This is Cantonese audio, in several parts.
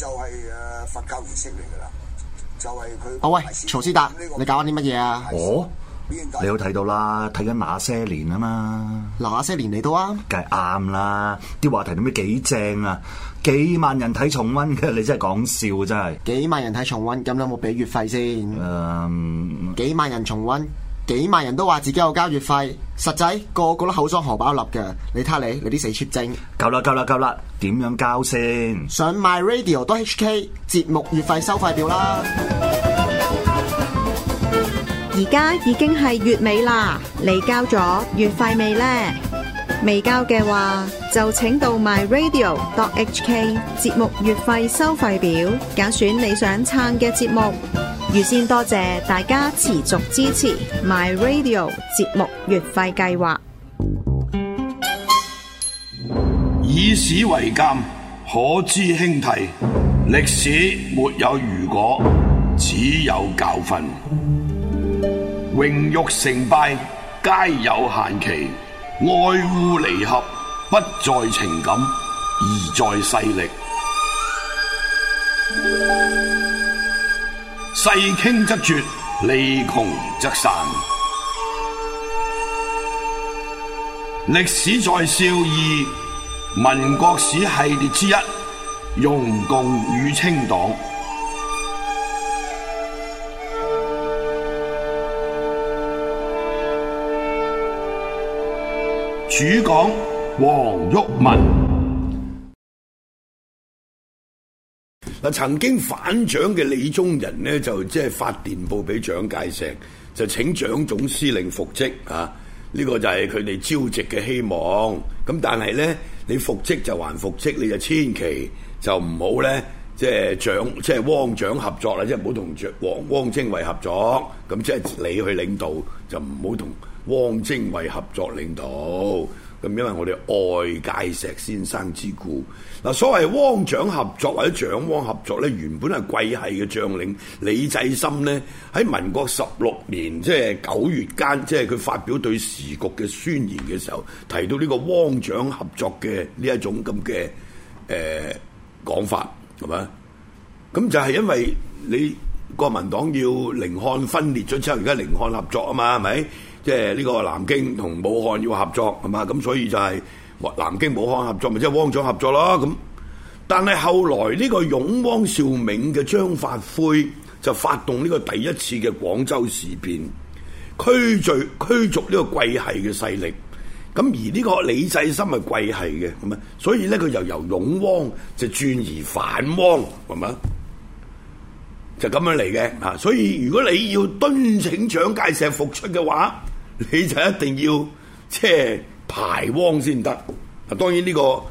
就係誒佛教儀式嚟噶啦，就係佢。哦喂，曹思達，你搞緊啲乜嘢啊？哦，你好睇到，到啦，睇緊那些年啊嘛。那些年嚟到啊？梗係啱啦，啲話題點咩幾正啊？幾萬人睇重溫嘅，你真係講笑真係。幾萬人睇重溫，咁有冇俾月費先？誒，um, 幾萬人重溫。幾萬人都話自己有交月費，實際個,個個都口裝荷包粒嘅。你睇下你，你啲死 cheap 精！夠啦，夠啦，夠啦！點樣交先？上 myradio.hk 節目月費收費表啦。而家已經係月尾啦，你交咗月費未呢？未交嘅話，就請到 myradio.hk 節目月費收費表，揀選你想撐嘅節目。預先多謝大家持續支持 My Radio 節目月費計劃。以史為鑒，可知興替；歷史沒有如果，只有教訓。榮辱成敗皆有限期，愛烏離合不在情感，而在勢力。世傾則絕，利窮則散。歷史在笑貳，民國史系列之一，容共與清黨。 主講：黃毓民。嗱，曾經反蔣嘅李宗仁呢，就即係發電報俾蔣介石，就請蔣總司令復職啊！呢、呢個就係佢哋招職嘅希望。咁、啊、但係咧，你復職就還復職，你就千祈就唔好咧，即係蔣即係汪蔣合作啦，即係唔好同蔣汪汪精衛合作。咁即係你去領導，就唔好同汪精衛合作領導。咁因為我哋蔣介石先生之故，嗱，所謂汪蔣合作或者蔣汪合作咧，原本係桂系嘅將領李濟深咧，喺民國十六年即係九月間，即係佢發表對時局嘅宣言嘅時候，提到呢個汪蔣合作嘅呢一種咁嘅誒講法，係咪？咁就係因為你國民黨要寧漢分裂咗之後，而家寧漢合作啊嘛，係咪？即係呢個南京同武漢要合作係嘛？咁所以就係南京武漢合作咪即係汪蔣合作咯咁。但係後來呢個擁汪兆銘嘅張發奎就發動呢個第一次嘅廣州事變，驅逐驅逐呢個貴系嘅勢力。咁而呢個李濟深係貴系嘅，咁啊，所以呢，佢又由擁汪就轉而反汪，係嘛，就咁樣嚟嘅吓。所以如果你要敦請蔣介石復出嘅話，你就一定要即係排汪先得，嗱當然呢、這個誒、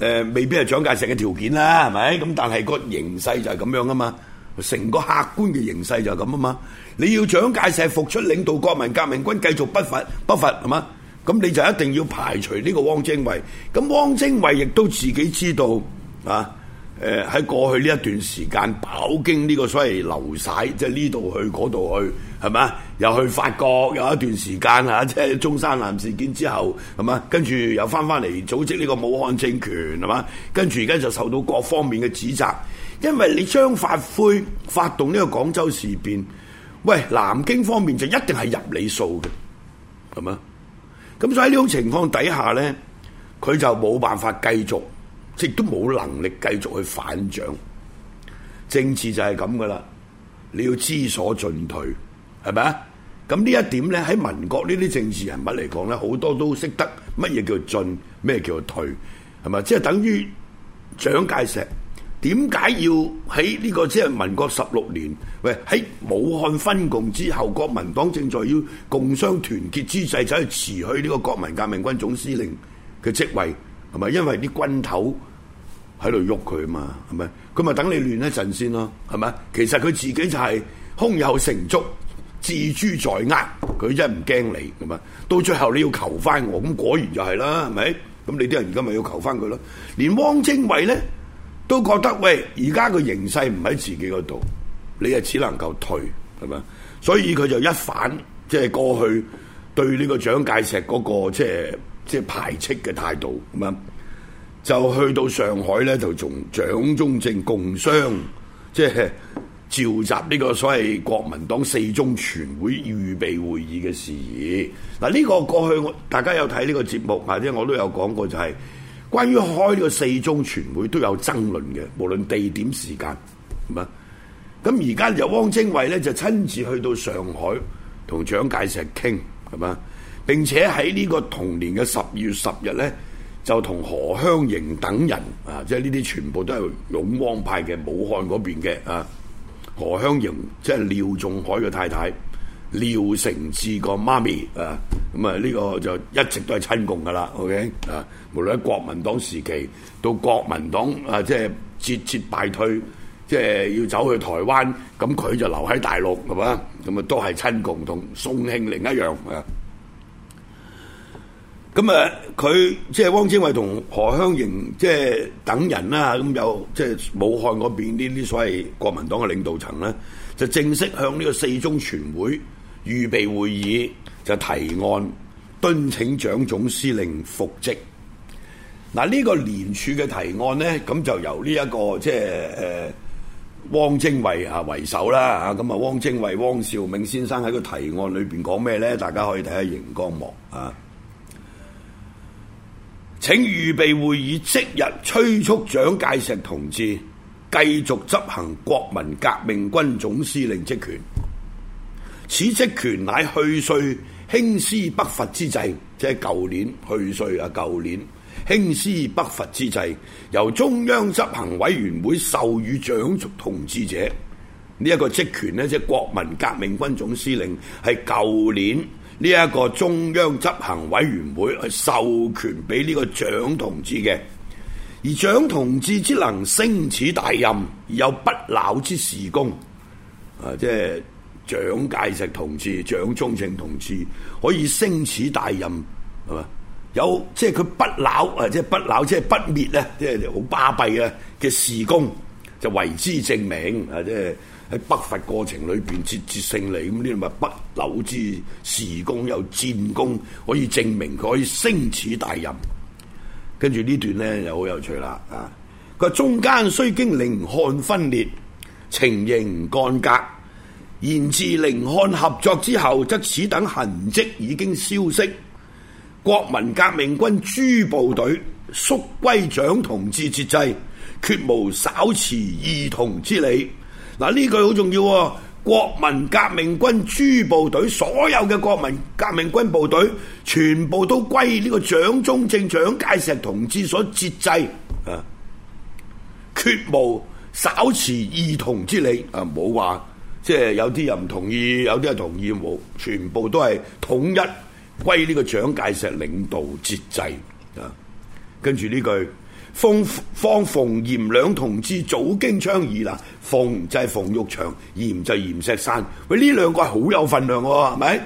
呃、未必係蔣介石嘅條件啦，係咪？咁但係個形勢就係咁樣啊嘛，成個客觀嘅形勢就係咁啊嘛。你要蔣介石復出領導國民革命軍繼續北伐北伐，係嘛？咁你就一定要排除呢個汪精衛。咁汪精衛亦都自己知道啊。誒喺、呃、過去呢一段時間，飽經呢個所謂流徙，即係呢度去嗰度去，係嘛？又去法國有一段時間啊，即係中山艦事件之後，係嘛？跟住又翻翻嚟組織呢個武漢政權，係嘛？跟住而家就受到各方面嘅指責，因為你張發奎發動呢個廣州事變，喂，南京方面就一定係入你數嘅，係嘛？咁所以喺呢種情況底下咧，佢就冇辦法繼續。即係都冇能力繼續去反蔣，政治就係咁噶啦。你要知所進退，係咪啊？咁呢一點咧，喺民國呢啲政治人物嚟講咧，好多都識得乜嘢叫進，咩叫退，係咪？即係等於蔣介石。點解要喺呢個即係民國十六年？喂，喺武漢分共之後，國民黨正在要共商團結之際，就去辭去呢個國民革命軍總司令嘅職位，係咪？因為啲軍頭。喺度喐佢吖嘛，係咪？咁咪等你亂一陣先咯，係咪？其實佢自己就係胸有成竹，自主在握。佢真係唔驚你咁啊！到最後你要求翻我，咁果然就係啦，係咪？咁你啲人而家咪要求翻佢咯？連汪精衛咧都覺得喂，而家個形勢唔喺自己嗰度，你係只能夠退，係咪？所以佢就一反即係、就是、過去對呢個蔣介石嗰、那個即係即係排斥嘅態度咁啊！就去到上海咧，就同蔣中正共商，即係召集呢個所謂國民黨四中全會預備會議嘅事宜。嗱，呢個過去我大家有睇呢個節目，或者我都有講過，就係關於開呢個四中全會都有爭論嘅，無論地點、時間，係嘛。咁而家由汪精衛咧就親自去到上海同蔣介石傾，係嘛。並且喺呢個同年嘅十二月十日咧。就同何香凝等人啊，即係呢啲全部都係擁汪派嘅，武漢嗰邊嘅啊。何香凝即係廖仲愷嘅太太，廖承志個媽咪啊。咁啊呢個就一直都係親共㗎喇。OK 啊，無論喺國民黨時期，到國民黨啊，即係節節敗退，即係要走去台灣，咁佢就留喺大陸係嘛，咁啊都係親共，同宋慶齡一樣啊。咁啊，佢即係汪精衛同何香凝即係等人啦，咁有即係武漢嗰邊呢啲所謂國民黨嘅領導層呢，就正式向呢個四中全會預備會議就提案敦請蔣總司令復職。嗱，呢個聯署嘅提案呢，咁就由呢、這、一個即係、就是呃、汪精衛啊為首啦，吓咁啊汪精衛汪兆銘先生喺個提案裏邊講咩呢？大家可以睇下熒光幕啊。請預備會議即日催促蔣介石同志繼續執行國民革命軍總司令職權。此職權乃去歲興師北伐之際，即係舊年去歲啊，舊年興師北伐之際，由中央執行委員會授予蔣族同志者，呢、這、一個職權咧，即係國民革命軍總司令，係舊年。呢一個中央執行委員會係授權俾呢個蔣同志嘅，而蔣同志只能升此大任，而有不朽之事功。啊，即係蔣介石同志、蔣中正同志可以升此大任，係嘛？有即係佢不朽，或者不朽即係不，不滅咧，即係好巴閉嘅嘅事功，就為之證明啊！即係。喺北伐過程裏邊節節勝利，咁呢啲咪北柳之時功有戰功，可以證明佢可以勝此大任。跟住呢段咧又好有趣啦，啊！個中間雖經寧漢分裂，情形干隔，然至寧漢合作之後，則此等痕跡已經消失。國民革命軍諸部隊縮歸蔣同志節制，決無稍持異同之理。嗱呢句好重要喎！國民革命軍諸部隊，所有嘅國民革命軍部隊，全部都歸呢個蔣中正、蔣介石同志所節制啊！決無稍持異同之理啊！冇話即係有啲人唔同意，有啲人同意，冇，全部都係統一歸呢個蔣介石領導節制啊！跟住呢句。馮、馮、馮閻兩同志早經倡議啦，馮就係馮玉祥，閻就係閻錫山。喂，呢兩個係好有份量喎，係咪？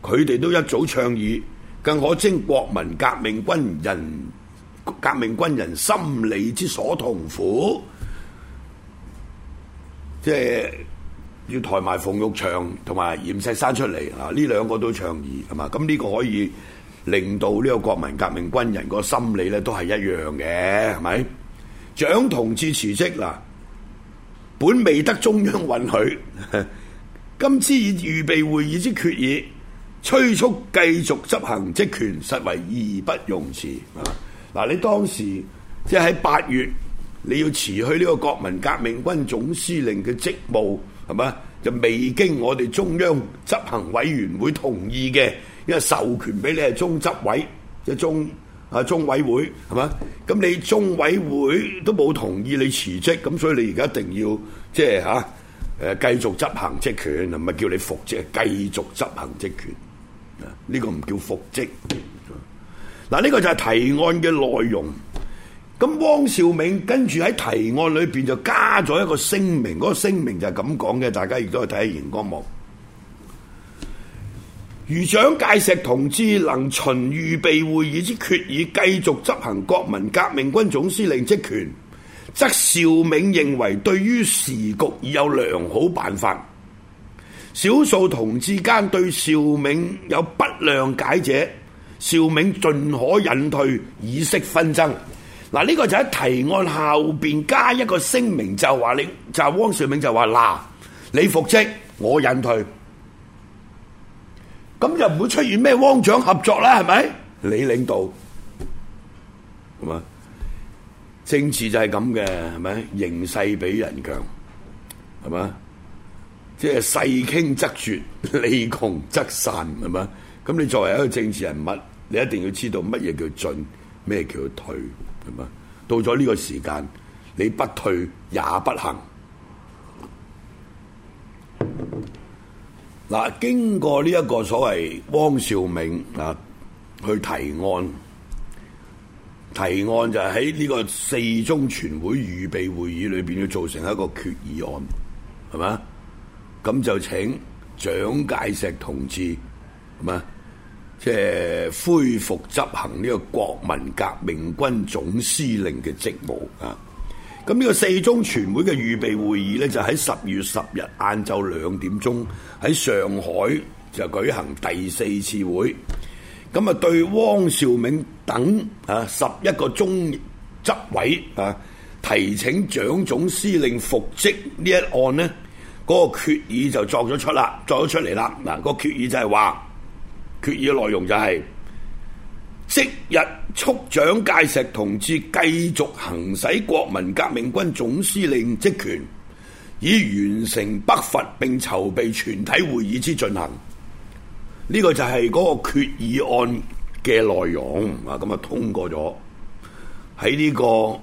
佢哋都一早倡議，更可稱國民革命軍人、革命軍人心裏之所痛苦，即係要抬埋馮玉祥同埋閻錫山出嚟啊！呢兩個都倡議係嘛？咁呢個可以。令到呢個國民革命軍人個心理咧都係一樣嘅，係咪？蔣同志辭職啦，本未得中央允許，今次以預備會議之決議，催促繼續執行職權，實為義不容辭嗱,你當時即係喺八月，你要辭去呢個國民革命軍總司令嘅職務，係嘛？就未經我哋中央執行委員會同意嘅。因為授權俾你係中執委，即係中啊中委會係嘛？咁你中委會都冇同意你辭職，咁所以你而家一定要即係吓誒繼續執行職權，係咪？叫你復職，繼續執行職權啊，呢個唔叫復職。嗱，呢個就係提案嘅內容。咁汪兆銘跟住喺提案裏邊就加咗一個聲明，嗰個聲明就係咁講嘅，大家如果去睇下熒光幕。如蔣介石同志能循預備會議之決議繼續執行國民革命軍總司令職權，則兆銘認為對於時局已有良好辦法。少數同志間對兆銘有不諒解者，兆銘盡可隱退以息紛爭。嗱，呢個就喺提案後邊加一個聲明，就話你就是，汪兆銘就話嗱，你復職我隱退。咁又唔會出現咩汪蔣合作啦，係咪？你領導，係嘛？政治就係咁嘅，係咪？形勢比人強，係嘛？即係勢傾則絕，利窮則散，係嘛？咁你作為一個政治人物，你一定要知道乜嘢叫進，咩叫退，係嘛？到咗呢個時間，你不退也不行。嗱，經過呢一個所謂汪兆銘啊，去提案，提案就喺呢個四中全會預備會議裏邊要做成一個決議案，係嘛？咁就請蔣介石同志，咁啊，即係恢復執行呢個國民革命軍總司令嘅職務啊！咁呢個四中全會嘅預備會議呢，就喺、是、十月十日晏晝兩點鐘喺上海就舉行第四次會。咁啊，對汪兆銘等啊十一個中執委啊，提請蔣總司令復職呢一案呢，嗰、那個決議就作咗出啦，作咗出嚟啦。嗱、那，個決議就係話，決議內容就係、是。即日，促蔣介石同志繼續行使國民革命軍總司令職權，以完成北伐並籌備全體會議之進行。呢個就係嗰個決議案嘅內容啊！咁啊通過咗喺呢個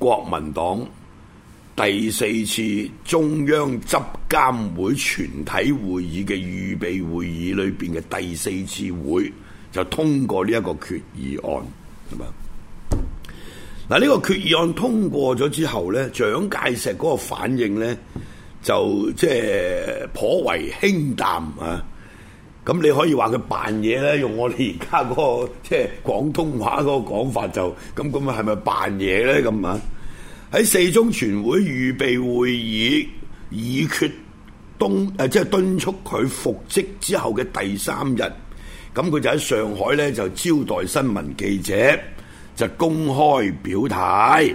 國民黨第四次中央執監會全體會議嘅預備會議裏邊嘅第四次會。就通過呢一個決議案，係嘛？嗱、啊，呢、呢個決議案通過咗之後咧，蔣介石嗰個反應咧就即係、就是、頗為輕淡啊！咁你可以話佢扮嘢咧，用我哋而家嗰個即係、就是、廣東話嗰個講法就咁咁啊，係咪扮嘢咧？咁啊，喺四中全會預備會議議決敦誒，即、啊、係、就是、敦促佢復職之後嘅第三日。咁佢就喺上海咧，就招待新聞記者，就公開表態。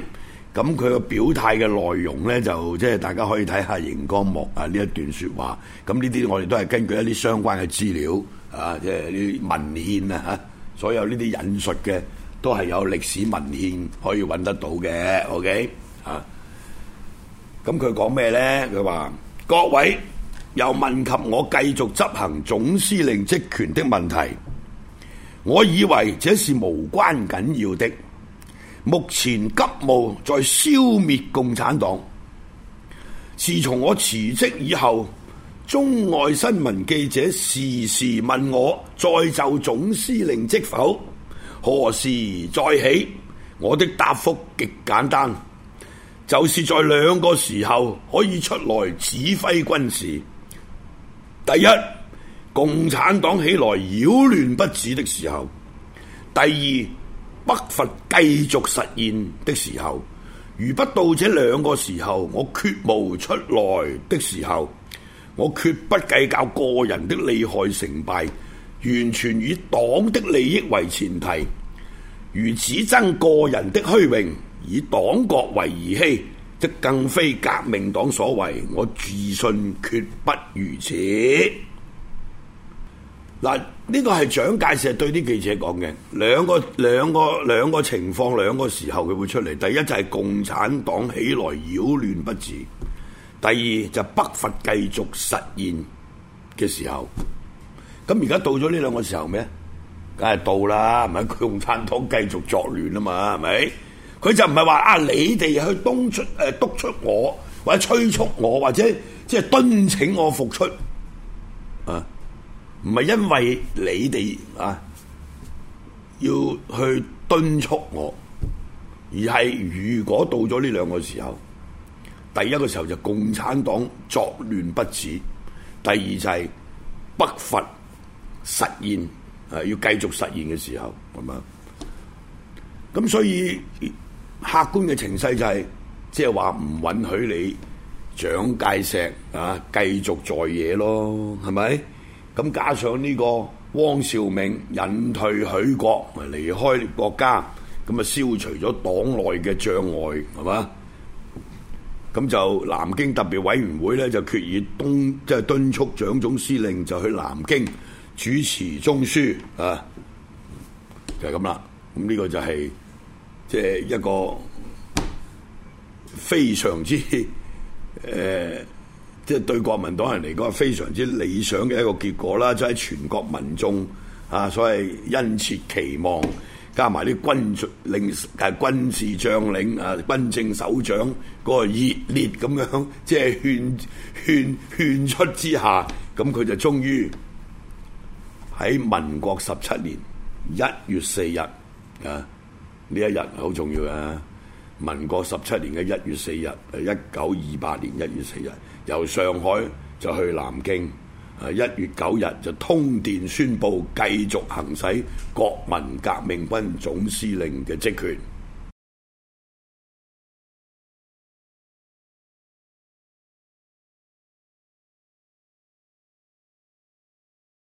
咁佢個表態嘅內容咧，就即係大家可以睇下熒光幕啊呢一段説話。咁呢啲我哋都係根據一啲相關嘅資料啊，即係啲文獻啊，吓所有呢啲引述嘅都係有歷史文獻可以揾得到嘅。OK 啊？咁佢講咩咧？佢話各位。又問及我繼續執行總司令職權的問題，我以為這是無關緊要的。目前急務在消滅共產黨。自從我辭職以後，中外新聞記者時時問我再就總司令職否，何時再起？我的答覆極簡單，就是在兩個時候可以出來指揮軍事。第一，共產黨起來擾亂不止的時候；第二，北伐繼續實現的時候；如不到這兩個時候，我決無出來的時候；我決不計較個人的利害成敗，完全以黨的利益為前提。如此爭個人的虛榮，以黨國為兒戲。即更非革命黨所為，我自信決不如此。嗱，呢個係蔣介石對啲記者講嘅。兩個兩個兩個情況，兩個時候佢會出嚟。第一就係、是、共產黨起來擾亂不止，第二就是、北伐繼續實現嘅時候。咁而家到咗呢兩個時候咩？梗係到啦，係咪？共產黨繼續作亂啊嘛，係咪？佢就唔係話啊！你哋去敦出誒、啊、督促我，或者催促我，或者即係敦請我復出啊？唔係因為你哋啊要去敦促我，而係如果到咗呢兩個時候，第一個時候就共產黨作亂不止，第二就係北伐實現誒、啊、要繼續實現嘅時候，係咪？咁所以。客觀嘅情勢就係，即係話唔允許你蔣介石啊繼續在野咯，係咪？咁加上呢個汪兆銘引退許國，咪離開國家，咁啊消除咗黨內嘅障礙，係嘛？咁就南京特別委員會咧就決議敦，即係敦促蔣總司令就去南京主持中樞啊，就係咁啦。咁呢個就係。即係一個非常之誒，即、呃、係、就是、對國民黨人嚟講，係非常之理想嘅一個結果啦！就喺、是、全國民眾啊，所謂殷切期望，加埋啲軍令、軍事將領啊、軍政首長嗰個熱烈咁樣，即、就、係、是、勸勸勸出之下，咁佢就終於喺民國十七年一月四日啊！呢一日好重要啊。民國十七年嘅一月四日，誒一九二八年一月四日，由上海就去南京，誒一月九日就通電宣佈繼續行使國民革命軍總司令嘅職權。